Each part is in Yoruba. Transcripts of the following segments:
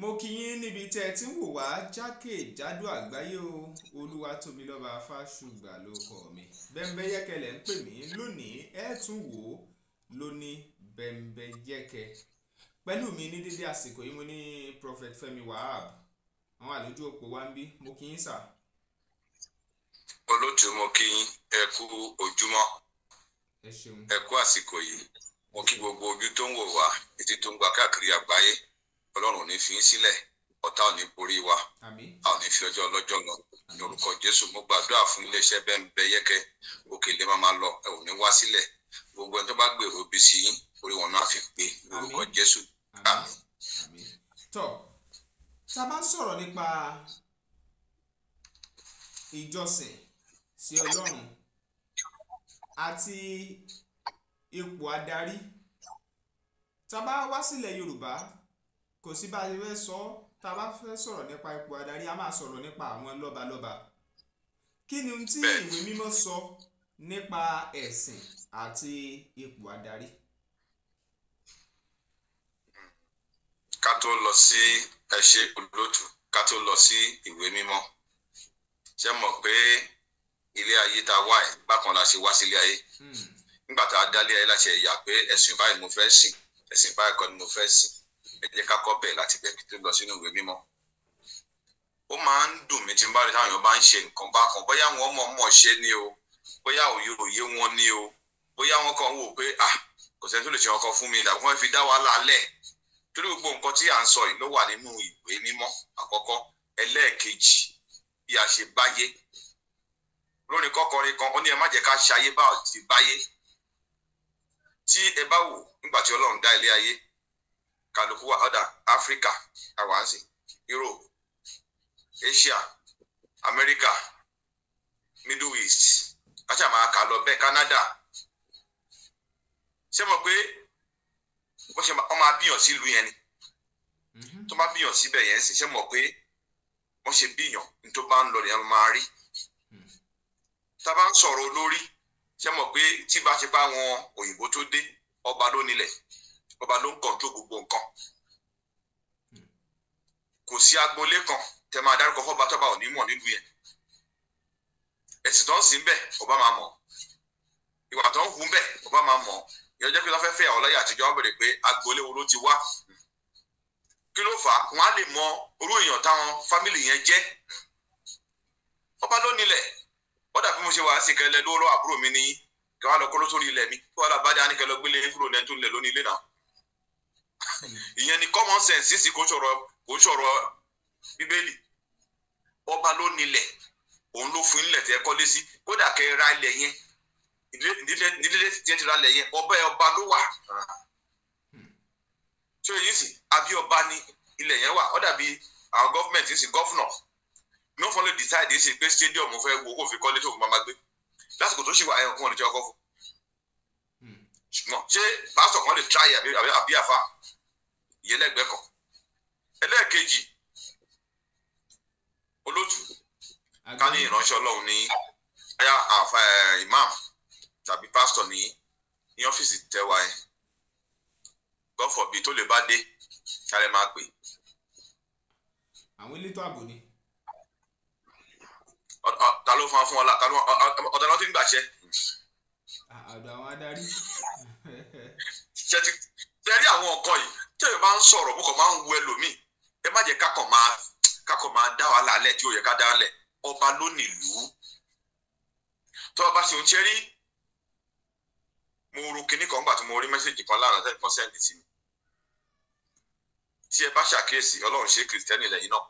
mo kí yín níbi tẹ́ ẹ ti ń wò wá jákèjádò àgbáyé o olúwatóbilọ́ba fásùgbà ló kọ́ mi bẹ́ńbẹ́yẹ́kẹ́ ń pè mí lónìí ẹ tún wò ó lóní bẹ́ńbẹ́yẹ́kẹ́ pẹ̀lú mi ní dédé àsìkò yìí mo ní prophet Fẹ́mi Wahab àwọn àlejò òpó wa ń bí mo kí yín sà. olóòtú mo kí yín ẹ kú ojúmọ́ ẹ kú àsìkò yìí mo kí gbogbo ojú tó ń wò wá etí tó ń gbà káàkiri àgbáyé ọlọ́run ò ní fi í sílẹ̀ ọ̀tá ò ní borí wa a ò ní fi ọjọ́ ọlọ́jọ́ lọ ní orúkọ jésù mo gbàdúrà fún iléeṣẹ́ bẹ́ẹ̀ ń bẹ yẹ́kẹ́ òkèlè má máa lọ ẹ ò ní wá sílẹ̀ gbogbo ẹni tó bá gbèrò ibi sí orí wọn náà fi pé orúkọ jésù tọ́ tá bá ń sọ̀rọ̀ nípa ìjọsìn sí ọlọ́run àti ipò adarí tá bá wá sílẹ̀ yorùbá kò sí bá a ṣe fẹ́ sọ ọ́ tá a bá fẹ́ sọ̀rọ̀ nípa ipò adarí a máa sọ̀rọ̀ nípa àwọn lọ́balọ́ba kí ni ohun tí ìwé mímọ́ sọ nípa ẹ̀sìn àti ipò adarí. ká tó lọ sí ẹṣẹ olóòtú ká tó lọ sí ìwé mímọ́ ṣe mọ̀ pé ilé ayé tá a wá ẹ bákan la ṣe wá sílé ayé hmm. nígbà tá a dálé ayé láṣẹ ìyá pé ẹ̀sìn báyìí mo fẹ́ sìn ẹ̀sìn báyìí kọ́ ni mo fẹ́ sìn ẹ jẹ́ ká kọ́ bẹ́ẹ̀ láti bẹ́ẹ̀ kí tó lọ sínú ìwé mímọ́ ó máa ń dùn mí tí n bá rí táwọn èèyàn bá ń ṣe nǹkan bákan bóyá wọn mọ̀ mọ̀ ṣe ni o bóyá òye òye wọn ni o bóyá wọn kàn wò pé ah kò sẹ́ni tó lè ṣe ọkọ fún mi ìdàgbọ́n wọn fi dá wàhálà lẹ̀ torí gbogbo nǹkan tí à ń sọ yìí ló wà nínú ìwé mímọ́ àkọ́kọ́ ẹlẹ́ẹ̀kejì bí a ṣe báyé lónìí kọ́kọrin kan ó ní ẹ má jẹ́ ká ṣe ayé bá ọ̀ ti báyé tí ẹ bá wò nígbà tí Ọlọ́run dá ilé ayé can who are Africa, Awazi, Europe, Asia, America, Middle East, Achama Kalobe, Canada. Ṣé mọ̀ pé bó ṣe ọmọ abíyàn sí ìlú yẹn ni? Mm-hmm. Tó bá bíyàn síbẹ̀ yẹn sì ṣé mọ̀ pé wọ́n ṣe bíyàn ní tó bá ń lọ nìyẹn máa rí. Mm-hmm. Tá a bá ń sọrọ olórí ṣe mọ̀ pe tí bá ṣe bá wọn òyìnbó tó dé ọba ló nílẹ̀. ọba ló ń kọ̀ntró gbogbo nǹkan kò sí agboolé kan tẹ máa dárúkọ fọba tọba ò ní mọ̀ nínú yẹn ẹ̀sìn tó ń sìn bẹ́ẹ̀ ọba máa mọ̀ ìwà tó ń hu bẹ́ẹ̀ ọba máa mọ̀ ìyọjọ́ pé lọ́fẹ́ fẹ́ àwọn lọ́yà àtijọ́ wọn bèrè pé agboolé wo ló ti wá kí ló fà á wọn á lè mọ orú èèyàn táwọn fámìlì yẹn jẹ́ ọba ló nílẹ̀ wọ́n dàbí mo ṣe wàá sì kẹ́lẹ́ lọ́wọ́ àbúrò mi ní kí wọ́n á lọ kọ́ lóṣòrí ilẹ̀ mi kí wọ́n á lọ bá dáa ní gbélé kúrò lẹ́tún lẹ̀ lónìí ilé ìyẹn ni common sense sísì kò sọ̀rọ̀ kò sọ̀rọ̀ bíbélì ọba ló nílẹ̀ òun ló fún ilẹ̀ tẹ́ kọ́lé sí kódà kẹ́ ra ilẹ̀ yẹn nílé tiẹ̀ ti ra ilẹ̀ yẹn ọba ẹ̀ ọba ló wà tí o yìí sì àbí ọba ni ilẹ̀ yẹn wà ó dàbí àwọn gọ́fìmẹ̀ntì sì gọ́fìnà ní wọ́n fọ́n lè decide yìí sì pé stadium fẹ́ wo kó fi kọ́lé tó fún mamagbe lásìkò tó sì wà ẹ̀ ọkùnrin tí ọkọ̀ fún ṣùgbọ́n ṣé pásítọ̀ kan lè tíráyè àbí àfa ìyẹn lẹ́gbẹ̀ẹ́ kan ẹlẹ́ẹ̀kejì olótù ká ní ìránṣẹ́ ọlọ́run ní aya àfa imam tàbí pásítọ̀ ní ní ọ́fíìsì tẹ́wà ẹ̀ gọ́fọ̀bì tó lè bá dé kálẹ̀ máa pè. àwọn elétò ààbò ni. ta ló fún wa fún ọlá ta ló ọ̀dọ̀ náà ti ń gbàṣẹ́. Ah, àgbà àwọn adarí. jẹ́tí tẹ́rí àwọn ọkọ yìí tẹ́lẹ̀ máa ń sọ̀rọ̀ mo kàn máa ń wo ẹlòmíì ẹ má jẹ́ kákàn máa kákàn máa dá wàhálà alẹ́ tí ó yẹ ká dá alẹ́ ọba ló nílùú tó o bá ṣe ń ṣe rí mo ro kinní kan gbà tí mo rí mẹ́sẹ̀gì kan láàrín ọ̀sẹ̀ kan sẹ́ǹdì sí mi tí ẹ bá ṣàkíyèsí ọlọ́run ṣe kìrìtẹ́nì lẹ́yìn náà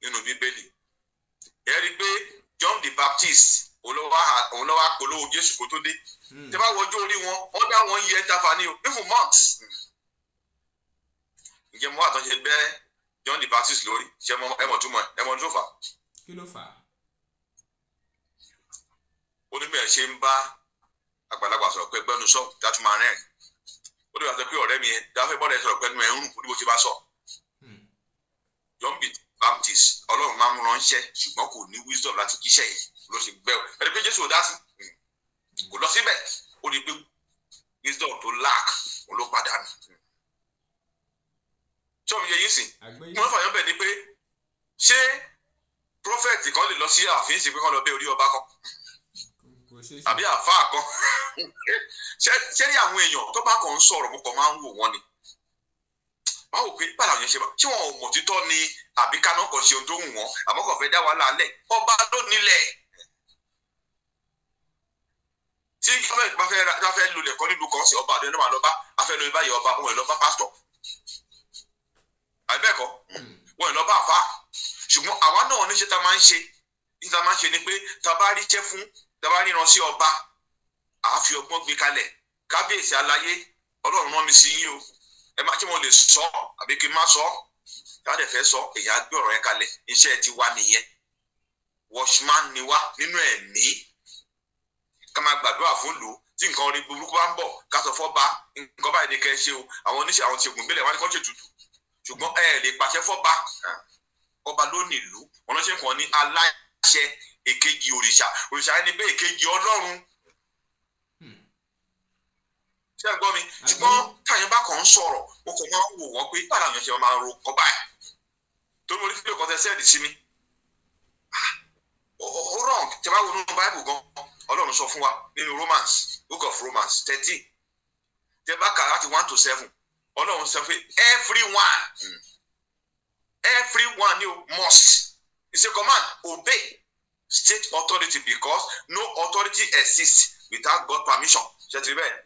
nínú bíbélì ẹ rí i pé John the Baptist òun lọ́wọ́ polówó jésù kó tó dé hmm. tẹ bá wọjọ́ orí wọn wọ́n dá wọn yẹ dáfà ní o even months ǹjẹ́ mo wà tán ṣe bẹ́ John the Baptist lórí ṣe ẹmọ túmọ̀ ẹmọ tó fà. kí ló fà. ó ní bẹ́ẹ̀ ṣe ń bá àgbàlagbà sọ̀rọ̀ pé gbẹ́nu sọ̀ dátú máa rẹ̀ ó ní bàtà pé ọ̀rẹ́ mi dáfẹ́ bọ́ọ̀lù ẹ̀ sọ̀rọ̀ pẹ́nu ẹ̀ ń rùn kó ní bó ṣe bá sọ̀ hmm. John bìtì baptist ọlọ́run máa ń ránṣẹ́ ṣùgbọ́n kò ní wisdom láti jíṣẹ́ yìí ló ṣe gbẹ́ ẹni pé jésù dá sí hmm, kò lọ síbẹ̀ ó ní pé wisdom tó lack òun ló padà nù. ṣọ́ọ̀bù yẹ yín sìn wọ́n fàyọ́ bẹ̀ ni pé ṣé prophet kan lè lọ sí ààfin ìsìnkú kan lọ bẹ orí ọba kan àbí àáfàá kan ṣé ní àwọn èèyàn tó bá kàn ń sọ̀rọ̀ mo kàn máa ń wò wọ́n ni báwo pé bá làwọn yẹn ṣe bá tí wọn ò mọ̀ títọ́ ni àbí kaná kan ṣe ohun tó wù wọ́n àmọ́ kàn fẹ́ dá wàhálà lẹ̀ ọba ló nílẹ̀ tí gọ́ọ̀mẹ̀ntì bá fẹ́ ra fẹ́ lulẹ̀ kọ́ nílùú kan sí ọba àdéhùn náà lọ́ba afẹ́lóyè báyìí ọba wọn ì lọ́ba pásítọ̀ àbẹ́ẹ̀kọ́ wọn ì lọ́ba àfà ṣùgbọ́n àwa náà níṣẹ́ tá máa ń ṣe ní tá máa ń ṣe ni pé tá bá rí iṣẹ́ fún tá bá ríran sí ọba àá fi ọgbọ́n gbé kalẹ̀ kábíyèsí aláyé ọlọ́run rán mi sí yín o ẹ má kí mo lè sọ àbí kí n má sọ káàdì fẹ́ sọ èyí á gbé ọ̀rọ̀ yẹn kalẹ̀ iṣẹ́ ti wá nìyẹn watchman ni wá nínú ẹ̀mí ká máa gbàdúrà fún lò tí nǹkan orí burúkú bá ń bọ̀ ká sọ fọ́ba nǹkan báyìí ni kẹ́ ẹ ṣe o àwọn oníṣẹ́ àwọn ṣègùn ìbílẹ̀ wá ní kọ́ ṣe tutù ṣùgbọ́n ẹ lè pàṣẹ fọ́ba ọba ló nílùú wọn ló ṣe ń kàn ní aláṣẹ èkejì òrìṣà òrìṣà ẹni bẹ́ẹ̀ èkejì ọlọ́run ṣé ẹ gbọ́ mi ṣùgbọ́n káyọ̀ bá kàn ń sọ̀rọ̀ o kò máa ń wò wọ́n pé bára àwọn èèyàn máa ro ọkọ báyìí torí mo rí fídíò kan tẹ sẹ́ẹ̀dì sí mi ah, ó wrong tẹ bá wo nínú báìbù gan ọlọ́run sọ fún wa nínú romance book of romance thirteen tẹ bá kà láti one to seven ọlọ́run sọ pé everyone hmm. everyone you must it's a command obey state authority because no authority exists without God permission ṣe ti rí bẹ́ẹ̀.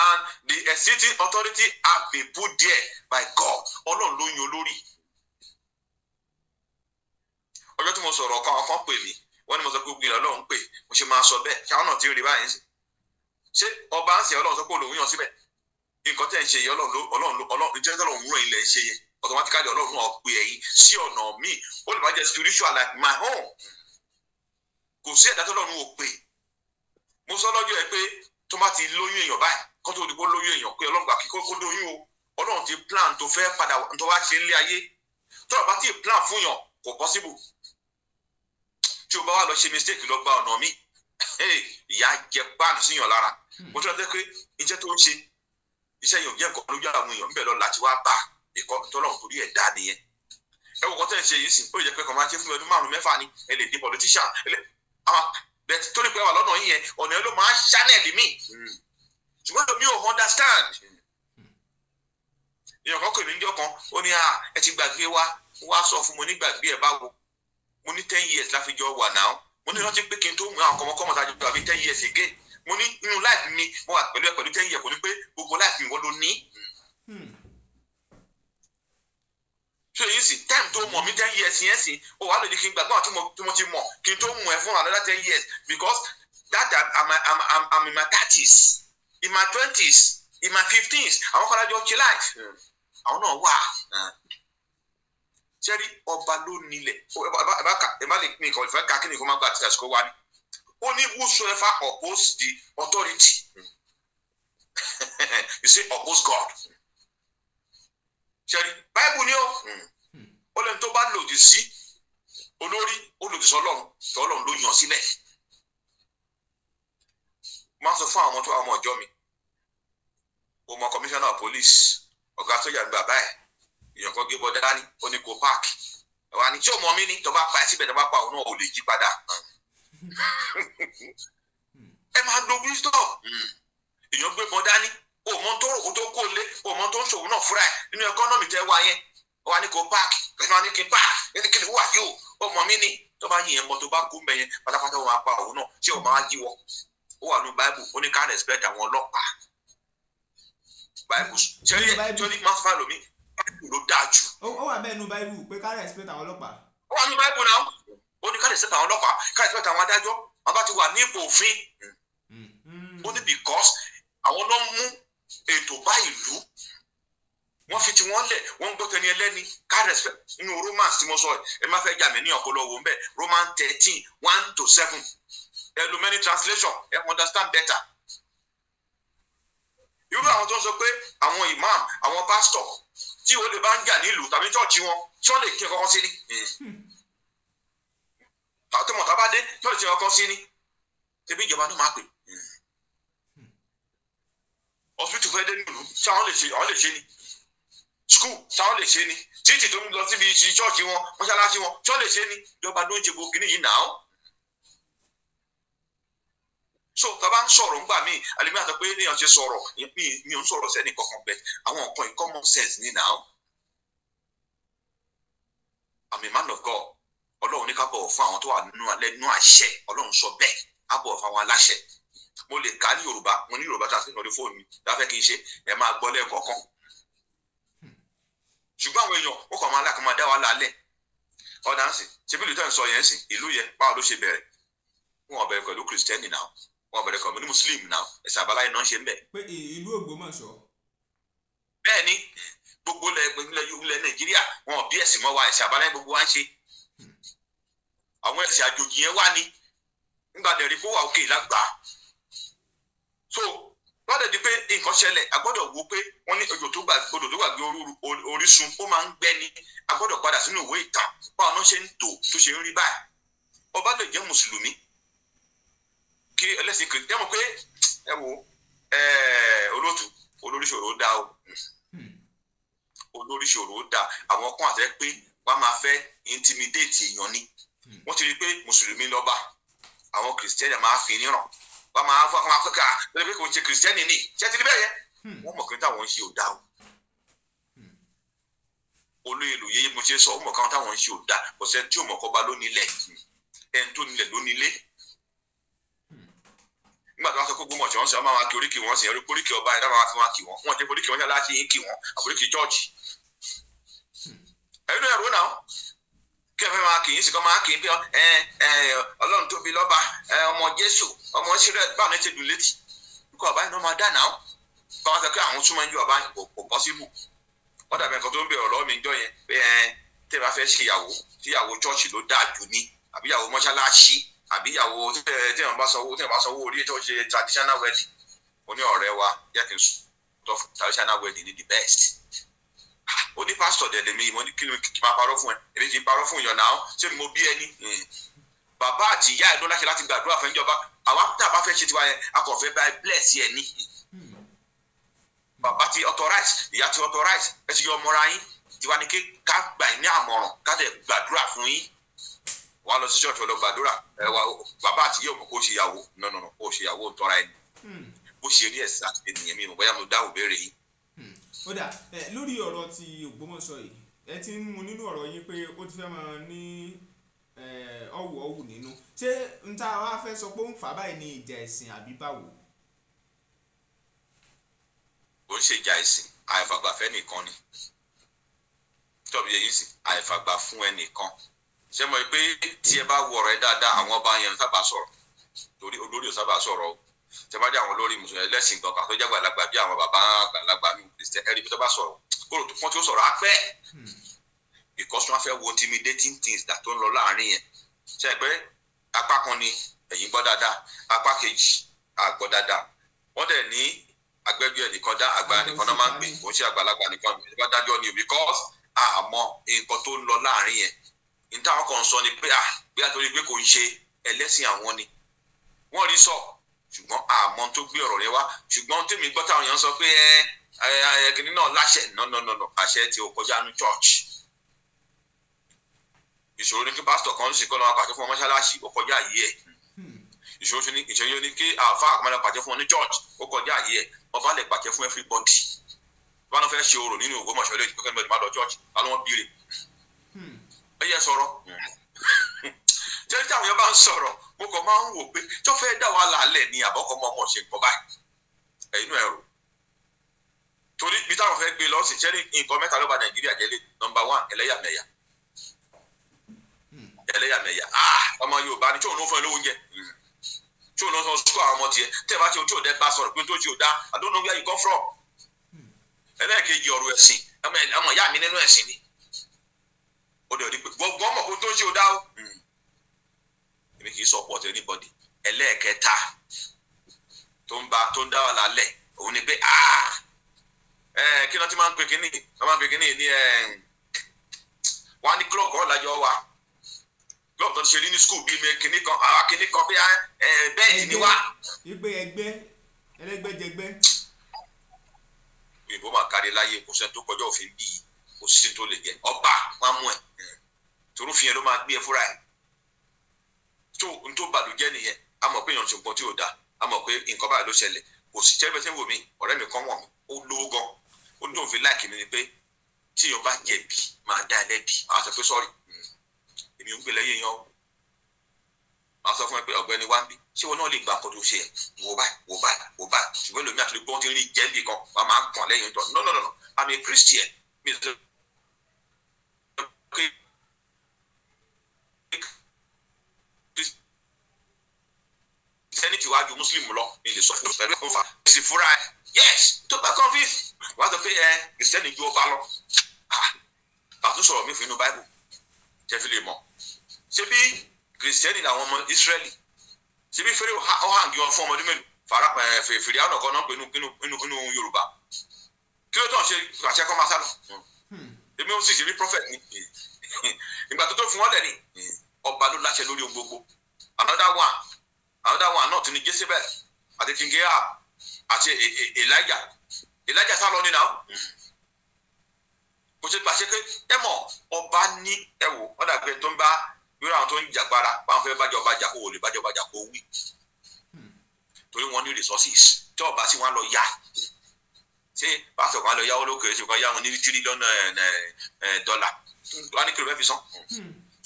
and the existing authority have been put there by God ọlọ́run ló yan olórí ọjọ́ tí mo sọ̀rọ̀ ọkàn ọkàn pè mí wọ́n ní mo sọ pé gbìyànjú ọlọ́run pè mo ṣe máa sọ bẹ́ẹ̀ ṣáwọn náà ti rí báyìí sí ṣé ọba ń sìn ọlọ́run sọ pé òun yàn síbẹ̀ nǹkan tẹ̀ ń ṣe yìí ọlọ́run ọlọ́run ọlọ́run ìjẹ́ ọlọ́run ràn ilẹ̀ ń ṣe yẹn automatically ọlọ́run náà pè ẹ̀yìn sí ọ̀nà míì ó lè má jẹ́ spiritual like my home. kò sí ẹ̀dá tọ́lọ́run ò pè mo sọ lọ́jọ́ ẹ pé tó bá ti lóyún èèyàn báyìí kó tó dìbò lóyún èèyàn pé ọlọ́run gbà kí kó dóyún o ọlọ́run ti plan tó fẹ́ padà tó wá ṣe nílé ayé tọ́lọ̀ bá ti plan fún yàn kò possible tí o bá wà lọ ṣe mistake lọ gba ọ̀nà mi ìyá jẹ páànù síyàn lára mo tún lọ tẹ́ pé iṣẹ́ tó ń ṣe iṣẹ́ yàn jẹ́ nǹkan lójú àwọn èèyàn ńbẹ̀ lọ láti wá bá ìkọ́ tọ́lọ́run torí ẹ̀ dá nìyẹn ẹ wò kọ́tẹ́ ṣe yìí sìn ó yẹ pé kàn máa ṣe fún ọdún márùn mẹ́fà ni ẹ lè di politician ẹ lè àwọn bẹ́ẹ̀ tó lè pẹ́ wà lọ́nà yìí yẹn ọ̀nà yẹn ló máa ń ṣánẹ̀lì míì ṣùgbọ́n mi ò understand èèyàn kan pè mí níjọ́ kan ó ní ah, ẹ ti gbàgbé wa wá sọ fún mo ní gbàgbé ẹ báwo mo ní ten years láfi jọ wà náà mo ní rántí pé kí n tó mú àwọn ọmọkọ́mọ tá a jọ gbà bíi ten years again mo ní inú life mi mo wà pẹ̀lú ẹ pẹ̀lú ten years kò ní pé gbogbo life mi wọ́n ló ní. so èyí sì time tó mọ̀ mí ten years yẹn sì ó wàá lè ní kí n gbàgbọ́ àti tí mo ti mọ̀ kí n tó mú ẹ fún another ten years because that I'm, I'm, I'm, I'm in my thirties in my twenties in my fifteens àwọn kan lájọ ṣe láì àwọn náà wà sẹ́rí ọba ló nílẹ̀ ẹ má lè pín nǹkan ìfẹ́ ká kí nìkan má gbà tí àsìkò wá ní ó ní whosoever oppose the authority you say oppose God sẹ́rí báìbù ni ó ó lẹ́nu tó bá lòdì sí olórí ó lòdì sí ọlọ́run ló yàn sílẹ̀ má sọ fún àwọn tó àwọn ọjọ́ mi mo mọ kọmíṣánná police ọ̀gá sójà gbà báyìí èèyàn kan gbé bọ́ dání ó ní kó páàkì ẹ̀wà ni tí ò mọ mí ní tó bá pa ẹ́ síbẹ̀ tó bá pa òun náà ò lè yí padà ẹ máa lo wisdom èèyàn gbé bọ́ dání o mọ tó rò tó kó lé o mọ tó ń ṣòwò náà fúra ẹ nínú ẹkọ́nọ́mì tẹ́ wá yẹn wà ní kó páàkì ẹ̀fọn ní kí páàkì kí ni wà yóò o mọ mí ní tó bá yìnyẹn mọ tó bá kú mẹ́yẹn pátápátá wọn máa pa òun náà ṣé o máa yí ó wà ní báìbù ó ní ká respect àwọn ọlọ́pàá báìbù ṣé ṣé ní má fà lómi báìbù ló dáa jù. ó wà bẹ́ẹ̀ nu báìbù pé ká respect àwọn ọlọ́pàá. ó wà ní báìbù náà ó ní ká respect àwọn ọlọ́pàá ká respect àwọn adájọ́ bàbá ti wà ní ipò òfin mm-hmm. ó ní because àwọn náà mú ètò bá ìlú wọ́n fi tiwọn lẹ̀ wọ́n ń gbọ́ tẹni ẹlẹ́ni ká respect nínú romance, tí mo sọ ẹ̀ ẹ má fẹ́ jà mí ní ọ̀pọ̀lọpọ̀ ń bẹ̀ romans thirteen one to seven ẹ lò many translation ẹ understand better irú àwọn tó ń sọ pé àwọn imam àwọn pastor tí ìwé lè bá ń jà nílùú tàbí Church wọn tí wọ́n lè kí ọkọ̀ sí ni hmm. tí mọ̀tà bá dé tí wọ́n lè kí ọkọ̀ sí ni tẹ̀bí ìjọba náà máa pè hmm. hospital fẹ́ dé nílùú tí àwọn lè ṣe àwọn lè ṣe ni school tí àwọn lè ṣe ni títì tó ń lọ síbi ìṣí chọ́ọ̀chì wọn mọ́ṣáláṣí wọn tí wọ́n lè ṣe ni ìjọba ló ń ṣe gbogbo kìnnìyàn náà so tàbá ń sọ̀rọ̀ ńgbà míì àlèmí àti pé èèyàn ṣe sọ̀rọ̀ mi ò ń sọ̀rọ̀ sẹ́ni kankan bẹ́ẹ̀ àwọn nǹkan in common sense ni now I'm a man of God ọlọ́run ní ká bọ̀ fún àwọn tó wà lẹ́nu àṣẹ ọlọ́run sọ bẹ́ẹ̀ á bọ̀ fún àwọn aláṣẹ mo lè kà á ní yorùbá mo ní yorùbá tàbí lórí fóònù mi dáfẹ́ kì í ṣe ẹ máa gbọ́ lẹ́ẹ̀kọ̀ọ̀kan ṣùgbọ́n àwọn èèyàn ó kàn máa lákàn máa dá wa lálẹ́ ọ̀dà ń sìn wọn bẹ̀rẹ̀ kọ́ mi ní muslim náà ẹ̀sìn àbáláyé náà ń ṣe ń bẹ̀. pé ìlú Ògbómọ̀ṣọ́. bẹ́ẹ̀ ni gbogbo ilẹ̀ ilẹ̀ Nàìjíríà wọn bí ẹ̀sìn mọ́ wa ẹ̀sìn àbáláyé gbogbo wa ń ṣe àwọn ẹ̀sìn àjòjì yẹn wà ní nígbà dẹ̀rí fún wa òkè lágbà so lọ́dẹ̀ di pé nǹkan ṣẹlẹ̀ a gbọ́dọ̀ wo pé wọ́n ní odò tó gbàgbé orísun ó máa ń gbẹ ni a gbọ́dọ̀ padà sínú ìwé ìtàn báwọn náà ṣe ń tò tó ṣe ń rí báyìí ọba lè mùsùlùmí kí ẹlẹ́sìn kìrì ẹ mọ̀ pé ẹ wo olóòtú olóríṣòro dá o olóríṣòro dá àwọn kan àtẹ pé wọ́n máa fẹ́ intimidate èèyàn ni hmm. wọ́n ti rí i pé mùsùlùmí lọ́ba àwọn kìrìsìtẹ́nì máa fi níràn wọ́n máa fọ́ àwọn afẹ́kà lórí pé kò ń ṣe kìrìsìtẹ́nì ni ṣé ti rí bẹ́ẹ̀ yẹn hmm. wọ́n mọ̀ pé táwọn ń ṣe ò dá o hmm. olóyèlú yeye mo ṣe sọ ọmọ kan táwọn ń ṣe ò dá ọ̀sẹ̀ tí ò mọ̀ kọ́ bá lónílẹ̀ ẹni tó nílẹ̀ lónílé nígbà tí wọ́n sọ pé gbọmọjọ ń sọ máa wá kí oríkì wọn sì oríkì ọba ẹ̀dá máa fi wọn kì wọn wọn jẹ oríkì wọn yà láti yín kì wọn àforíkì jọọjì ẹ̀yin náà ẹrú kí ẹ fẹ́ máa kì í sì kọ́ máa kì í bí ẹ ẹ ọlọ́run tóbi lọ́ba ẹ ọmọ jésù ọmọ sílẹ̀ báwọn ti dùn létí ikú ọba yìí náà máa dànà ó báwọn sọ pé àwọn súnmọ́ ń ju ọba yìí kò pọ́síbù wọ́n dàbí nǹkan tó ń bẹ̀rẹ̀ lọ́wọ́ mi yẹn pé ẹ àbí ìyàwó tí èèyàn bá sanwó tí èèyàn bá sanwó orí tó ṣe traditional wedding ó ní wa yẹ kí traditional wedding ní the best ah, ó ní pásítọ̀ mi ìmọ̀ ní kí n máa parọ́ fún ẹ èmi kì í parọ́ fún ìyànnà ó ṣé mo bí ẹni hmm. bàbá àti ìyá ẹ̀ ló láṣẹ láti gbàdúrà fún ìjọba àwọn tá bá fẹ́ ṣe tiwa yẹn a kò fẹ́ bá ẹ bless yẹ ni bàbá ti authorize ìyá ti authorize ẹ ti yọ ọmọra yín tiwa ni ká gbà ní àmọ̀ràn ká lè gbàdúrà fún yín wà lọ sí ṣọ́ọ̀ṣì lọ gbàdúrà bàbá àti yóò mọ̀ kó ṣe ìyàwó nọ̀nà kó ṣe ìyàwó tọ́ra ẹni hmm. bó ṣe rí ẹ̀sà ènìyàn mi mọ̀ bóyá mo dáhùn béèrè yìí. Hmm. ó dà lórí ọ̀rọ̀ ti Ògbómọ̀ṣọ́ yìí ẹ ti ń mu nínú ọ̀rọ̀ yín pé ó ti fẹ́ máa ní ọ̀wù ọ̀wù nínú ṣé n ta wá fẹ́ sọ pé ó ń fà báyìí ní ìjà ẹ̀sìn àbí báwo. ó ń ṣèjà ẹ̀sìn àìfàgbà fẹ́ nìkan ni tọ́bi ṣe mọ̀ pé tí ẹ bá wọ ọ̀rọ̀ ẹ dáadáa àwọn ọba yẹn sábà sọ̀rọ̀ torí olórí ò sábà sọ̀rọ̀ o tí ẹ bá dé àwọn olórí mùsùlùmí ẹlẹ́sìn gan kan tó jẹ́ àgbàlagbà bí àwọn bàbá àgbàlagbà mi kìrìsìtẹ́ ẹ̀rí bí tó bá sọ̀rọ̀ kóró tó fọ́n tí ó sọ̀rọ̀ apẹ́ hmm. because wọ́n fẹ́ wo intimidating things that tó ń lọ láàrin yẹn ṣe pé apá kan ni ẹ̀yìn gbọ́ dáadáa apá kejì àgbọ̀ dáadáa wọ́n dẹ̀ ní agbẹ́jọ́ ẹnìkan dá àgbà nìkan náà máa ń pè kò ṣe àgbàlagbà nìkan ìbá ni because àmọ́ nǹkan tó ń lọ láàrin yẹn níta wọn kàn sọ ni pé ah bí àtòrí pé kò ń ṣe ẹlẹ́sìn àwọn ni wọ́n rí sọ ṣùgbọ́n àmọ́ tó gbé ọ̀rọ̀ rẹ wá ṣùgbọ́n tèmi gbọ́ táwọn èèyàn sọ pé ẹ kìnìún náà láṣẹ nọ́nọ́nọ́nọ́ àṣẹ tí ó kọjá ní church ìṣòro ni kí pásítọ̀ kan sì kọ́ lọ́wọ́ pàṣẹ fún mọ́ṣáláṣí ó kọjá yìí ẹ̀ ìṣòro ni ìṣòro ni kí àfa àkàmọ́lá pàṣẹ fún ọ ní church o kọjá yìí ẹ̀ wọ́n bá lè pàṣẹ fún everybody wọ́n fẹ́ ṣe orò nínú ògbómọ̀ṣọ́ lóyún pé ẹ yẹ sọ̀rọ̀ tẹ́lifíṣàn àwọn yẹn bá ń sọ̀rọ̀ mo kàn máa ń wò pé tó fẹ́ dà wá làálẹ̀ ni àbọ̀kọ́ mọ́ ọmọ ṣe gbọ́n báyìí ẹ̀yinú ẹ̀rù torí bí táwọn fẹ́ gbé lọ́sìn ṣẹ́ ní nǹkan mẹ́ta ló bà nàìjíríà jẹ́ lé nọmba wán ẹlẹ́yàmẹ̀yà ẹlẹ́yàmẹ̀yà ah, ọmọ yorùbá ni tóun ló fún ẹ lówó oúnjẹ tóun ló sọ sukọ àwọn ọmọ tiẹ̀ tẹ́ ẹ bá ti o tí o dẹ́ bá sọ̀rọ̀ pé tó ti o dá I don't know where you come from ẹlẹ́ẹ̀kejì ọ̀rọ̀ ẹ̀sìn ọmọ ìyá mi nínú ẹ̀sìn ni ó dẹ̀ rí pé gbọ́n mọ̀ kó tó ń ṣe ó dá o hmm. èmi kì í support anybody ẹlẹ́ẹ̀kẹta tó ń ba tó ń dá wà lálẹ́ òun ni pé ah! kí ni wọ́n ti máa ń pè kínní wọ́n máa ń pè kínní ní wọ́n á ní clock ọ̀la jọ wà clock tó ti ṣe ní ní school bíi kínní kan àwa kínní kan bí ah, bẹ́ẹ̀dì ni wá. ẹgbẹ́ ẹgbẹ́ ẹlẹ́gbẹ́jẹgbẹ́. òyìnbó máa kárí láyé kò sẹ́ni tó kọjá òfin bíi kò sí tó lè jẹ ọba wọn ẹ torí fi yẹn ló máa gbé ẹ fúra ẹ tó n tó bàlùjẹ́ nìyẹn a mọ̀ pé ìyànjú gbọ́n tí ò da a pé nǹkan báyìí ló ṣẹlẹ̀ kò sí jẹ́bẹ́sẹ̀ wò mí ọ̀rẹ́ mi kàn wọ̀n ó lówó gan ó dùn fi láìkì mi ni pé tí èèyàn bá jẹ̀bi máa dá ẹlẹ́bi máa sọ pé sọ́ọ̀rì hmm. èmi ń gbélé yẹn o máa sọ fún ẹ pé ọ̀gbẹ́ni wá ń bí ṣé wọn náà lè gba àkọ́dọ̀ ṣe ẹ̀ wò báyìí wò báyìí wò báyìí ṣùgbọ́n lómi àtúndì gbọ́n ti rí jẹ́bi kan wọ́n máa ń kàn lẹ́yìn tọ̀ nọ́nọ́nọ́nọ́ àmì Christian kristiani ju ọba lọ pàtó ah, sọ̀rọ̀ mi fún inú báíbù jẹ́ fi lè mọ̀ ṣé bí kristiani làwọn ọmọ israẹli ṣé bí fẹ́rẹ̀ ọ̀hángi wọn fún ọmọdé mélòó fara fèrè àwọn ọ̀kan náà pé inú yorùbá kí ló tàn ṣe àṣẹ kọ́ máa sálọ èmi ò sì ṣe bí prophet ni ìgbà tó tó fún wọn lẹ̀ ni ọba ló láṣẹ lórí ohun gbogbo another one another one náà tún ni jezebel àti kingea àti e-, e-, e-, elijah elijah sálọ nínú àwọn kò sí pàṣẹ pé ẹ mọ̀ ọba ní ẹ wò wọ́n dàgbẹ́ tó ń bá irú àwọn tó ń jàgbára báwọn fẹ́ bájọ bájà kó o lè bájọ bájà kó o wí torí wọ́n ní resources tí ọba sì wọ́n lọ yá ṣé pásítọ̀ kan lọ yáwó lókè ṣe kan yáwọn ní tírílíọ̀nù eh, eh, eh, dọ́là wọ́n ní kí ló fẹ́ fi san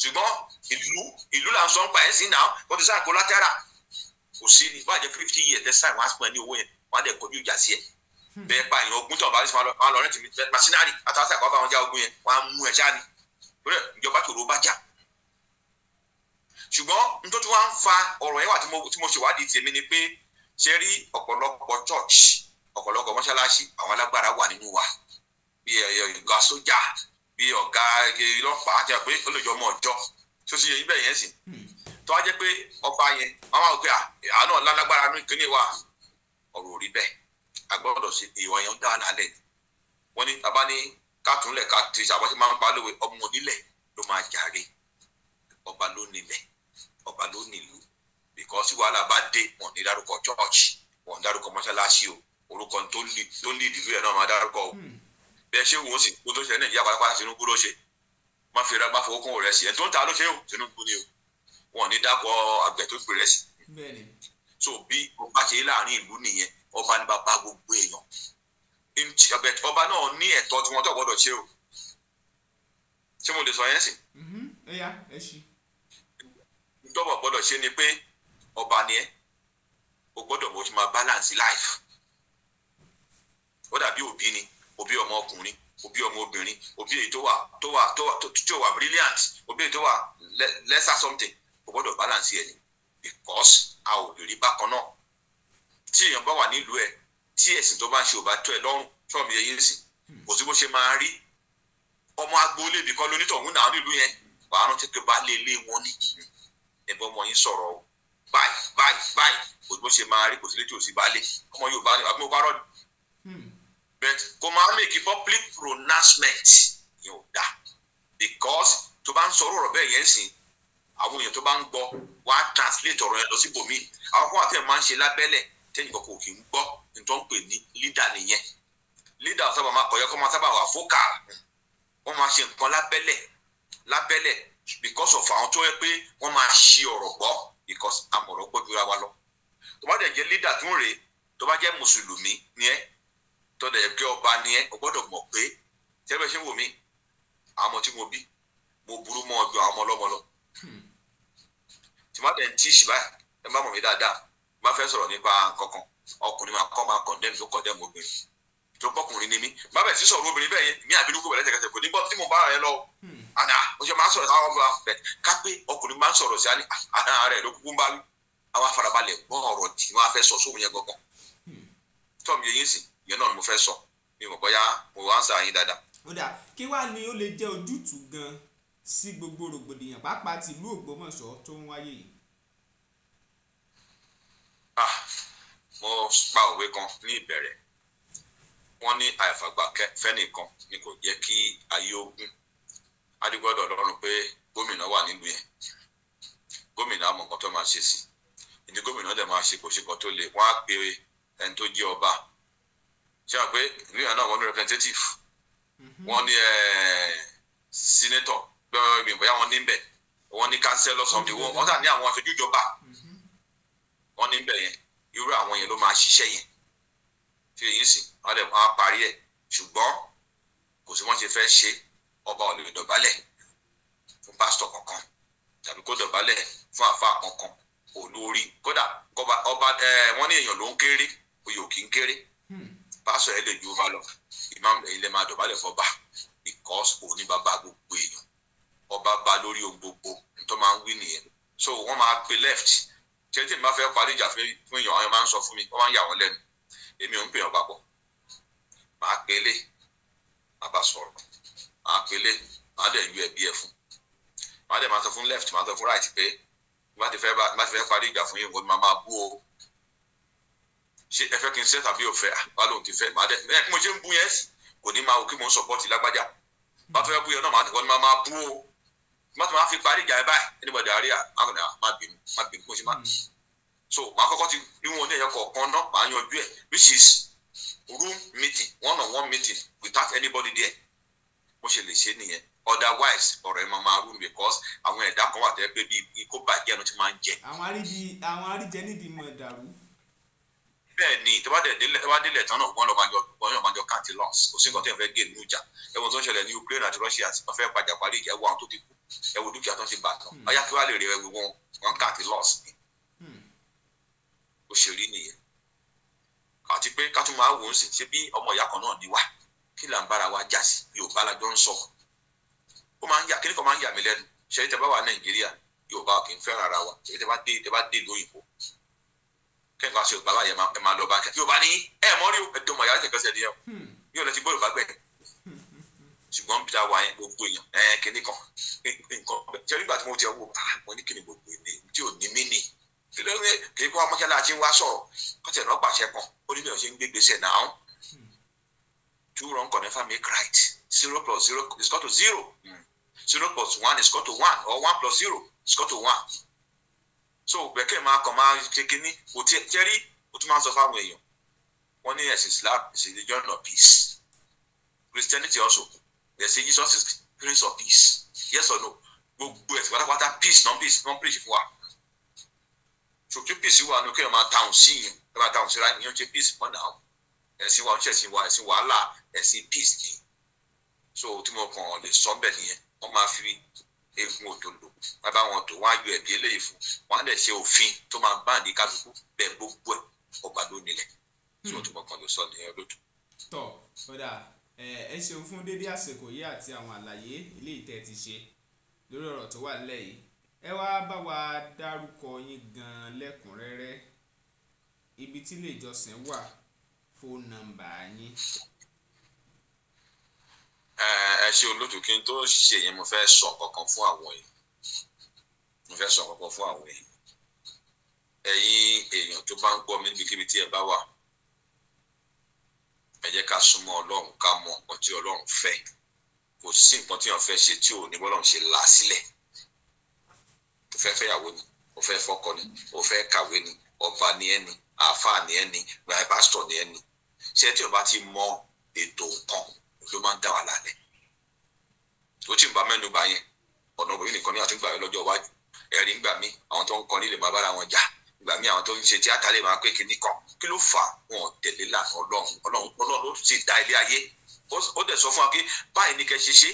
ṣùgbọ́n ìlú ìlú là ń sọ nípa ẹ̀ sí náà wọ́n ti sáà kó látara kò sí ní bàjẹ́ fifty years ẹ̀ sáà wọ́n á pọ̀ ní owó yẹn wọ́n á dẹ̀ kọjú ìjà sí ẹ̀ bẹ́ẹ̀ pa èèyàn ogun tó ọba àdìsí wọn lọ rẹ́ǹtì masinari àtàwọn àkọ́ bá wọn já ogun yẹn wọn á mú ẹ ni rẹ ìjọba tòrò bá jà ṣùgbọ́n nítorí tí ń fa ọ̀rọ̀ yẹn wà tí mo ṣèwádìí tèmi ni pé ṣe rí ọ̀pọ̀lọpọ̀ church ọ̀pọ̀lọpọ̀ mọ́ṣáláṣí àwọn alágbára wà nínú wa bí ọ̀gá sójà bí ọ̀gá ọlọ́pàá àti àpé olójó ọmọ ọjọ́ tó ṣe ibẹ̀ yẹn sì hmm. tó wá jẹ́ pé ọba yẹn wọ́n máa wò pé àánú ọ̀lálágbára ní ìkíní wa ọ̀rọ̀ ò bẹ́ẹ̀ agbọ́dọ̀ sí ìwà yẹn ń dá àlẹ́ wọ́n ní taba ní kátùnlẹ̀ kátìrì àbá ti máa ń balùwẹ̀ ọmọ nílẹ̀ ló máa jàre ọba ló nílẹ̀ ọba ló nílùú bìkọ́sí wàhálà bá dé wọ́n ní dárúkọ chọ́ọ̀chì wọ́n dárúkọ mọ́ṣáláṣí o orúkọ tó ń lé yẹn náà máa dárúkọ o bẹ́ẹ̀ ṣé wọ́n sì kó tó ṣe nàìjíríà pátápátá Tinubu ló ṣe má fi ra má fowó kún rẹ̀ sí ẹ̀ tó ń ta ló ṣe o Tinubu ni o wọ́n ní dákọ̀ àgbẹ̀ tó pè rẹ̀ sí. so bí ọba ṣe láàrin ìlú nìyẹn ọba ní bàbá gbogbo èèyàn ọba náà ní ẹ̀tọ́ tí wọ́n tó gbọ́dọ̀ ṣe o ṣé mo lè sọ yẹn sìn. ìjọba mm-hmm. gbọ́dọ̀ ṣe ni pé ọba ni ẹ o gbọ́dọ̀ mo ti máa balance life ó dàbí òbí ni òbí ọmọ ọkùnrin òbí ọmọ obìnrin òbí èyí tó wà tó wà tó wà tí wà brilliant òbí èyí tó wà lesser something o gbọ́dọ̀ balance ẹ ni because a ò lè rí bákan náà tí èèyàn bá wà nílùú ẹ̀ tí ẹ̀sìn tó bá ń ṣe ò bá tọ́ ẹ lọ́rùn sọ̀rọ̀ mi yẹ yín sìn kò sí bó ṣe máa rí ọmọ agboolé ibì kan lónítọ̀hún náà nílùú yẹn wàá rántí pé baálé ilé wọn ní ìyìn ẹ̀bọ́n ọmọ yín sọ̀rọ̀ báyìí báyìí báyìí kò sí bó ṣe máa rí kò sí létí òsì baálé ọmọ Yorùbá ni àbí mo bá rọ́ọ̀dù hmm. but kò máa make public pronouncement yẹn ò dáa because tó bá ń sọ̀rọ̀ ọ̀rọ̀ bẹ́ẹ̀ yẹn sìn àwọn èèyàn tó bá ń gbọ́ wàá translate ọ̀rọ̀ yẹn lọ sí bòmíì àwọn kan àti ẹ̀ máa ń ṣe lábẹ́lẹ̀ tẹ́yìn kọ́kọ́ òkè ń gbọ́ nítorí pé ní lídà nìyẹn lídà sábà máa kọ̀yọ́ kọ́ máa sábà wà fókà wọ́n máa ṣe nǹkan lábẹ́lẹ̀ lábẹ́lẹ̀ because of àwọn tó yẹ pé wọ́n máa ṣi ọ̀rọ̀ gbọ́ because àmọ̀ràn pọ̀ jura wa lọ tó bá dẹ̀ jẹ́ lídà tún rèé tó bá jẹ́ mùsùlùmí ni ẹ́ tó dẹ̀ jẹ́ ọba ni ẹ́ o gbọ́dọ̀ mọ̀ pé tẹ́lẹ̀ ṣé wò mí àmọ́ tí mo bí mo burú mọ́ ọjọ́ àwọn ọmọ ọlọ́mọ lọ hmm. tí má dẹ̀ ń tíì ṣì báyìí ẹ má mọ̀ mí dáadáa bá fẹ́ sọ̀rọ̀ nípa kankan ọkùnrin máa kọ́ máa condemn tó condemn obìnrin tó bọ́kùnrin ni mí bá bẹ̀ sí sọ̀rọ̀ obìnrin bẹ́ẹ̀ mi àbínú kò bẹ̀rẹ̀ tẹ̀kẹ̀tẹ̀ kò ní bọ́ tí mo bá rẹ̀ lọ hmm. àná mo ṣe máa sọ̀rọ̀ táwọn bá fẹ́ ká pé ọkùnrin máa ń sọ̀rọ̀ sí àná rẹ̀ ló kúkú ń bá wí àwọn afarabalẹ̀ gbọ́ ọ̀rọ̀ tí wọ́n á fẹ́ sọ sóhun yẹn gangan hmm. tọ́ mi yẹn sì yẹn náà ni mo fẹ́ sọ mi mọ̀ bóyá mo wá ń sàáyín dáadáa. ó dà kí wàá ní ó lè jẹ́ ojútùú gan sí gbogbo rògbòdìyàn pàápàá tìlú Ògbómọ̀ṣọ́ tó ń wáyé yìí ah mo pa òwe kan ní ìbẹ̀rẹ̀ wọ́n ní àìfàgbà fẹ́nìkan ni kò jẹ́ kí ayé ogun adigbọ́dọ̀ lọ́rùn pé gómìnà wà nílùú yẹn gómìnà àmọ̀ kan tó máa ṣe sí ìní gómìnà dẹ̀ máa ṣe kò ṣe kan tó lè wọ́n á pe ẹni tó jẹ́ ọba ṣé wàá pé náà wọ́n ní representative mhm. wọ́n ní senator gbẹ́wẹ́ gbẹ́wẹ́ bóyá wọ́n ní bẹ̀ wọ́n ní councillor something wọ́n sà ní àwọn aṣojú wọ́n níbẹ̀ yẹn irú àwọn yẹn ló máa ṣiṣẹ́ yẹn fi èyí sìn wọ́n dẹ̀ wọ́n á parí ẹ̀ ṣùgbọ́n kò sí wọ́n ṣe fẹ́ ṣe ọba ò lè dọ̀bálẹ̀ fún pásítọ̀ kankan tàbí kó dọ̀bálẹ̀ fún àfa kankan olórí kódà ọba ọba ẹ wọ́n ní èèyàn ló ń kéré oyè ò kì í kéré hmm. pásítọ̀ ẹ lè ju ọba lọ ìmáàmù ẹ̀yin lè máa dọ̀bálẹ̀ fọba because òní bàbá gbogbo èèyàn ọba ba lórí ohun gbogbo tó máa ń wí nìyẹn so wọ́n máa pe left tẹ́tẹ́ máa fẹ́ parí ìjà fún èèyàn àwọn máa ń sọ fún mi wọ́n máa ń yà wọ́n lẹ́nu èmi ò ń pèèyàn papọ̀ màá pélé màá bá sọ̀rọ̀ màá pélé màá dẹ̀ yú ẹbí ẹ fún màá dẹ̀ máa sọ fún left màá sọ fún right pé má ti fẹ́ parí ìjà fún yín wọ́n máa máa bú o ṣé ẹ fẹ́ kí n ṣe tàbí òfẹ́ wà lóhùn kí fẹ́ màá dẹ̀ ẹ kí mo ṣe ń bú yẹn kò ní máa wò kí mo ń sọ̀pọ̀tì lágbájá bá fẹ́ bú yẹn náà màá dẹ̀ wọ́n máa máa bú o má tó máa fi parí ìjà ẹ báyìí anybody àárẹ̀ àkàndá má bínú má bínú kó ṣe má. so màá kọ́kọ́ ti ní wọn ní ẹ̀yẹ kọ̀ọ̀kan náà màá yanjú ẹ̀ which is room meeting one on one meeting without anybody there mo ṣe lè ṣe nìyẹn otherwise ọ̀rọ̀ ẹ̀ máa máa room because àwọn ẹ̀dá kan wà tẹ́ pé bí ikó bàjẹ́ ẹnu ti máa ń jẹ. àwọn àríjì àwọn àríjẹ nídìí mọ̀ dàrú. bẹ́ẹ̀ ni tó bá délẹ̀ tán náà wọ́n lọ́ọ́ máa jọ wọ́n lọ́ọ́ máa jọ count loss kò sí nǹkan tó yẹn fẹ́ gé nínú ìjà ẹ̀wọ̀n tó ń ṣẹlẹ̀ ní Ukraine àti Russia àti wọ́n fẹ́ padà parí ìjà ẹ̀wọ̀n tó ti kú ẹ wo dúkìá tó ń ti bà ọyá kí wàá lè rí ẹgbẹ wọn wọn kà ti loss ni hmm. ó ṣe rí nìyẹn àti pé ká tún máa wò ó sì ṣe bí ọmọ ìyá kan náà ni wá kí là wa jà sí Yorùbá la ń sọ ó máa ń yà kíní máa ń yà mí lẹ́nu ṣe é tẹ wà Nàìjíríà Yorùbá kì í fẹ́ràn ara wa ṣe é tẹ dé tẹ dé lóyìnbó kẹ́ńkọ́ aṣọ Yorùbá báyẹn ẹ máa lọ bá kẹ́ Yorùbá ní ẹ̀ mọ́rí ẹ̀dọ́mọ̀ yàrá ìṣẹ̀kẹ́sẹ̀ ni ẹ yóò lọ hmm. ti gbọ́ Yorùbá gbẹ̀yìn ṣùgbọ́n bí a wà yẹn gbogbo èèyàn ẹ̀ kíní kan nǹkan jẹ́ tí mo ti wò ah mo ní kíni gbogbo èmi tí ò ní mí nì kí ló ń kí wọ́n mọ́ṣáláṣí wá sọ̀rọ̀ kọ́tẹ̀ náà gbàṣẹ kan ó ní bí ṣe ń gbé gbèsè náà two wrong confirm make right zero plus zero is equal to zero zero plus one is equal to one or one plus zero is equal to one so gbẹ̀kẹ́ máa kàn máa ṣe kíní kò tiẹ̀ jẹ́rí ó tún máa ń sọ fáwọn èèyàn wọ́n ní ẹ̀sìn Islam is a religion of peace Christianity also they say Jesus is prince of peace yes or no gbogbo ẹ̀sìn pátápátá peace non peace non peace. fún wa ṣòkè peace wà ní kéèyàn máa dáhùn sí yẹn ẹ máa dáhùn síra yẹn ṣe peace mọ́ náà ẹ̀sìn wa ń ṣẹ̀sìn wa ẹ̀sìn wàhálà ẹ̀sìn peace yìí so tí mo kàn lè sọ bẹ́ẹ̀ nìyẹn wọ́n máa fi egun òdòdó wọ́n bá wọn tó wọ́n á yọ ẹ̀bí eléyìí fún wọ́n á lè ṣe òfin tó máa bá ní kálukú bẹ́ẹ̀ gbogbo ẹ̀ ọgbà lónìí lẹ̀ hmm. tí mo kàn lè sọ nìyẹn lódò. tọ́ ọ̀dà ẹ ṣeun fún dédé àsìkò yìí àti àwọn àlàyé ilé ìtẹ́ ti ṣe lórí ọ̀rọ̀ tó wà nílẹ̀ yìí ẹ wá bá wa dárúkọ yín gan-an lẹ́kùnrẹ́rẹ́ ibi tí ilé ìjọsìn wà fóònù nọ́mbà yín. ẹ ṣe olóòtú kí n tó ṣe yẹn mo fẹ́ sọ kankan fún àwọn yìí mo fẹ́ sọ kankan fún àwọn yìí ẹ̀yin èèyàn tó bá ń gbọ́ mi níbikíbi tí ẹ bá wà ẹ jẹ́ ká súnmọ́ ọlọ́run ká mọ nǹkan tí ọlọ́run fẹ́ kò sí nǹkan tí wọ́n fẹ́ ṣe tí ò bọ́lọ́run ṣe là á sílẹ̀ o fẹ́ fẹ́yàwó ni o fẹ́ fọkọ ni o fẹ́ kàwé ni ọba ni ẹni àáfàá ni ẹni gbàgbé pásítọ̀ ni ẹni ṣé tí o bá ti mọ ètò nǹkan ló máa ń dá wa lálẹ́ tó tí ń bá mẹ́nu bà yẹn ọ̀nà òbí nìkan ní àtúgbà yẹn lọ́jọ́ iwájú ẹ̀rí ń gbà mí àwọn tó ń kọ nílé máa bára wọn jà ìgbà míì àwọn tó ń ṣe tíátà lè máa pé kinní kan kí ló fà wọn ò tẹ̀lé lànà ọlọ́run ọlọ́run ọlọ́run ló sì dá ilé ayé ó dẹ̀ sọ fún wa pé báyìí ní kẹ́ ṣe ṣe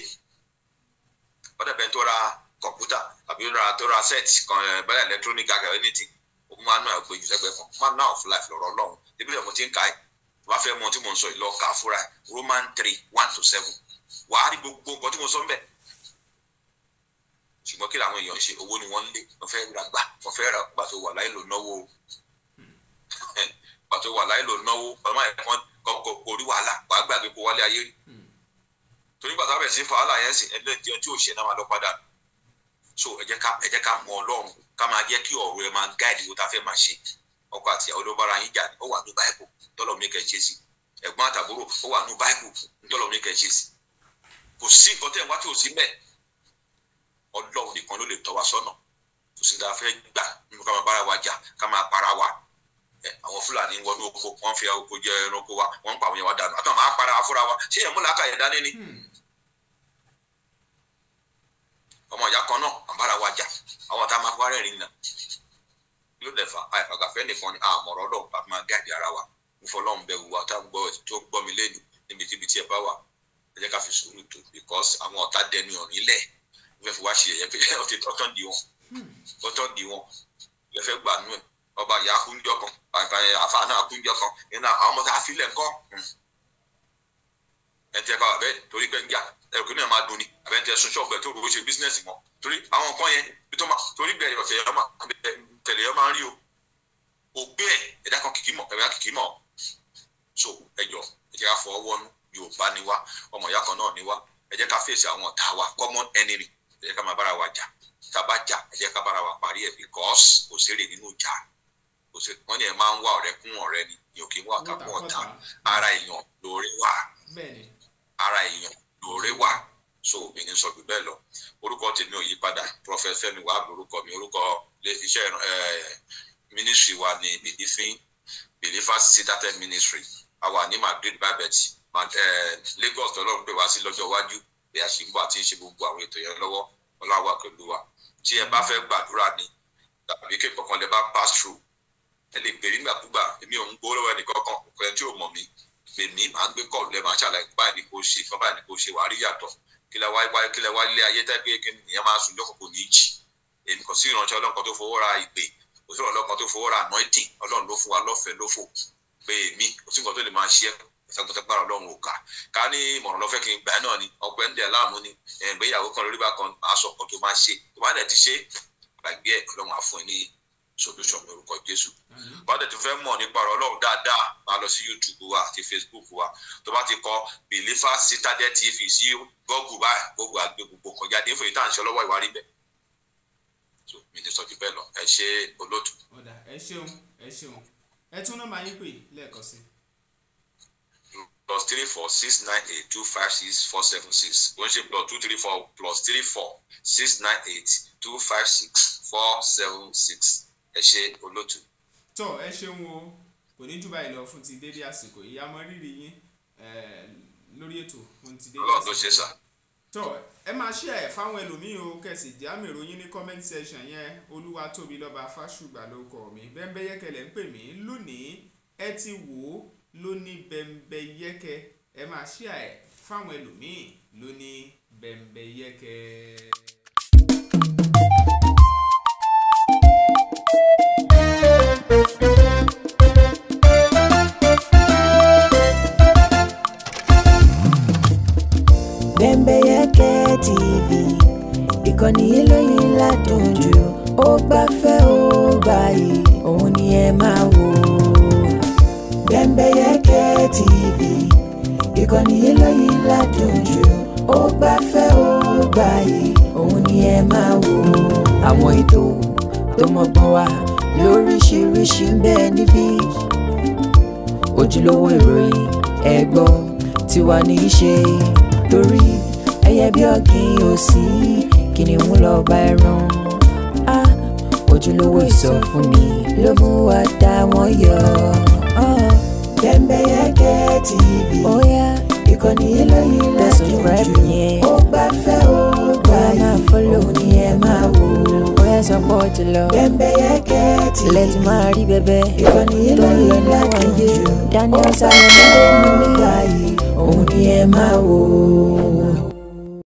ó dẹ̀ bẹ́ẹ̀ tó ra kọ̀ǹpútà àbí tó ra set kan eh, bẹ́ẹ̀ electronic agar anything ó máa ná ẹ̀gbẹ́ jù lẹ́gbẹ̀ẹ́ kan manner of life lọ́rọ̀ ọlọ́run ibi rẹ̀ mo ti ń ka wá fẹ́ mọ tí mo ń sọ ìlọ́ọ̀ka fúnra Roman three one to seven wàá rí gbogbo nǹkan tí mo sọ ń bẹ̀ ṣùgbọ́n kí làwọn èèyàn ṣe owó ni wọ́n ń lé wọ́n fẹ́ ra gbà wọ́n fẹ́ ra pàtó wà láì lò náwó pàtó wà láì lò náwó ọmọ ẹ̀ kan kọ̀ọ̀kọ̀ orí wàhálà wàá gbàgbé kó wálé ayé rí torí bàtà bẹ̀rẹ̀ sí fàhálà yẹn sì ẹlẹ́dìí ọjọ́ òṣèlú náà máa lọ padà so ẹ jẹ́ ká ẹ jẹ́ ká mọ Ọlọ́run ká máa jẹ́ kí ọ̀rọ̀ ẹ máa gáàdì wo tá a fẹ́ máa ṣe ọkọ àti ìyàwó ló bára yín jà ọlọ́run nìkan ló lè tọ́ wa sọ́nà kò sí dáa fẹ́ gbà nínú ká máa bára wa jà ká máa para wa àwọn fúlàní wọnú oko wọn fi oko jẹ ẹranko wa wọn ń pa àwọn yẹn wa dànù àtàwọn máa para wa fúnra wa ṣé yẹn múlá káyẹ dání ni hmm. ọmọ ìyá kan náà àbára wa jà àwọn tá a máa wárẹ̀ rìn náà yóò lè fa àìfàgàfẹ́ nìkan ni àmọ̀rọ̀ lọ bá máa gáàdì ara wa ń fọlọ́run bẹ̀rù wa tá gbọ́ tó gbọ́ mi lẹ́nu níbikíbi tí ẹ bá wà ẹ jẹ́ ká fi sùúrù tó because àwọn ọ̀tá dẹnu ọ̀rìn lẹ̀ wọ́n fi wá ṣe ẹ̀yẹ pé ọ̀tọ̀ di wọn ọ̀tọ̀ hmm. di wọn wọ́n fẹ́ gbà nú ẹ̀ ọba ìyá kúnjọ kan àfa náà kúnjọ kan iná àwọn ọmọ tá a filẹ̀ ńkọ́ ẹ̀ ń tẹ́ hmm. ká wà bẹ́ẹ̀ torí pé ń jà ẹ̀rọ kí ni ẹ̀ máa dùn ni àbẹ̀ ń tẹ́ sun ṣọ́ọ̀bù ẹ̀ tó rò ó ṣe bísínẹ́sì wọn torí àwọn nǹkan yẹn tó máa torí bẹ̀rẹ̀ ọ̀tẹ̀ yẹn máa tẹ̀lé yẹn máa rí o ògbé ẹ̀ ẹ̀dá kan kìkì mọ̀ ẹ̀dá kìkì mọ̀ so ẹ̀jọ̀ ẹ jẹ́ ká fọ ọwọ́ nú Yorùbá ni wá ọmọ ìyá kan náà ni wá ẹ jẹ́ ká fèsì àwọn ọ̀tá wa common enemy ẹ jẹ́ ká máa bára wa jà ká bá jà ẹ jẹ́ ká bára wa parí ẹ̀ because kò sèrè nínú jà kò sí wọ́n ní ẹ máa ń wá ọ̀rẹ́ kún ọ̀rẹ́ ni ni òkè wà ká kún ọ̀tá ara èèyàn lóore wà ara èèyàn lóore wà so mi ní sọ jù bẹ́ẹ̀ lọ orúkọ tèmi ò yí padà Prophet Fẹ́mi wàá lórúkọ mi orúkọ iṣẹ́ ministry wa ni believing believers citated ministry a ni ní Madrid babet Lagos tọ́lọ́run pè wá sí lọ́jọ́ iwájú bí a ṣe ń bọ̀ àti ṣe gbogbo àwọn ètò yẹn lọ́wọ́ ọláwà pẹ̀lú wa tí ẹ bá fẹ́ gbàdúrà ni tàbí kí kankan lè bá pass through ẹ lè pè nígbàkúgbà èmi ò ń gbọ́ lọ́wọ́ ẹnì kankan kò ẹni tí ò mọ̀ mí pè mí màá gbé kọ́ lẹ́ màá ṣàlàyé báyìí ni kò ṣe fún báyìí ni kò ṣe wàá rí yàtọ̀ kí lẹ wá wá kí lẹ wá lé ayé tẹ́gbẹ́ kí nìyẹn máa sùn lọ́kọ̀ kò ní jì èmi kò sí ìrànṣẹ́ ọlọ́kan tó fowó ra ìpè kò sí ìrànlọ́kan tó fowó ra anointing ọlọ́run ló fún wa lọ́fẹ̀ẹ́ lófò pé èmi kò sí nǹkan tó lè máa ṣe é sẹpẹsẹpẹ Ọlọ́run ò kà ká ní ìmọ̀ràn lọ́fẹ́ kí n gbà náà ni ọpẹ́ ń dẹ̀ láàmú ni ìgbéyàwó kan lórí bákan máa sọ ọkọ tó máa ṣe tó bá dẹ̀ ti ṣe gbàgbé ẹ̀ Ọlọ́run á ẹ ní solution lórúkọ Jésù bá dẹ̀ tó fẹ́ mọ̀ nípa ọ̀rọ̀ dáadáa máa lọ sí YouTube wa àti Facebook wa tó bá ti kọ Believer Citadel TV sí Google báyìí Google àgbẹ̀ gbogbo kan jáde ìfòyí tá à ń ṣe ọlọ́wọ́ ìwárí bẹ́ẹ̀ so mi ti sọ jù bẹ́ẹ̀ lọ ẹ ṣe olóòtú. ọ̀dà ẹ ṣeun ẹ ṣeun ẹ tún náà máa yín pè lẹ́ẹ̀kan sí i plus three four six nine eight two five six four seven six kò ń ṣe plus two three four plus three four six nine eight two five six four seven six ẹ ṣe olótú. tó ẹ ṣeun o kò ní jù báyìí lọ fún ti dédé àsìkò yìí àmọ́ rírì yín lórí ètò fún ti dédé àsìkò. ọlọ́run ló ṣe sá. tó ẹ máa ṣe ẹ fáwọn ẹlòmíín o kẹsì jáàmì ìròyìn ní comment section yẹn olúwa tóbi lọ́ba fásùgbà ló kọ mi bẹ́ẹ̀ bẹ́ẹ̀ yẹ́kẹ̀lẹ̀ ń pè mí lónìí ẹ ti wò ó lóní bẹ́ńbẹ́yẹ́kẹ́ ẹ máa ṣíà ẹ̀ fáwọn ẹlòmíì lóní bẹ́ńbẹ́yẹ́kẹ́. bẹ́ńbẹ́yẹ́kẹ́ TV ìkànnì eléyìí látọ̀jú ó gbafẹ́ ó báyìí òun ni ẹ máa wò. TV ìkànnì eléyìí ládùn jù ó bá fẹ́ ó gbà yìí òun ni ẹ máa wò ó. àwọn ètò tó mọ́gbọ́n wá lóríṣiríṣi ń bẹ níbí ojúlówó ìròyìn ẹ̀gbọ́n tiwa ní í ṣe torí ẹyẹ bí ọ̀gìn òsì kìnìún lọ́ba ẹran ojúlówó ìsọfúnni ló mú wa dá wọn yọ. Oh. Bembeyeke TV ìkànnì eléyìí lẹ́dùn jù ó bá fẹ́ ó gbà yìí òun ni ẹ máa wò ó sọ pọ̀ jùlọ Bembeyeke TV lẹ́tì máa rí bẹ́bẹ́ ìkànnì eléyìí lẹ́dùn jù Daniel Sáré ló ń gbà yìí òun ni ẹ máa wò ó.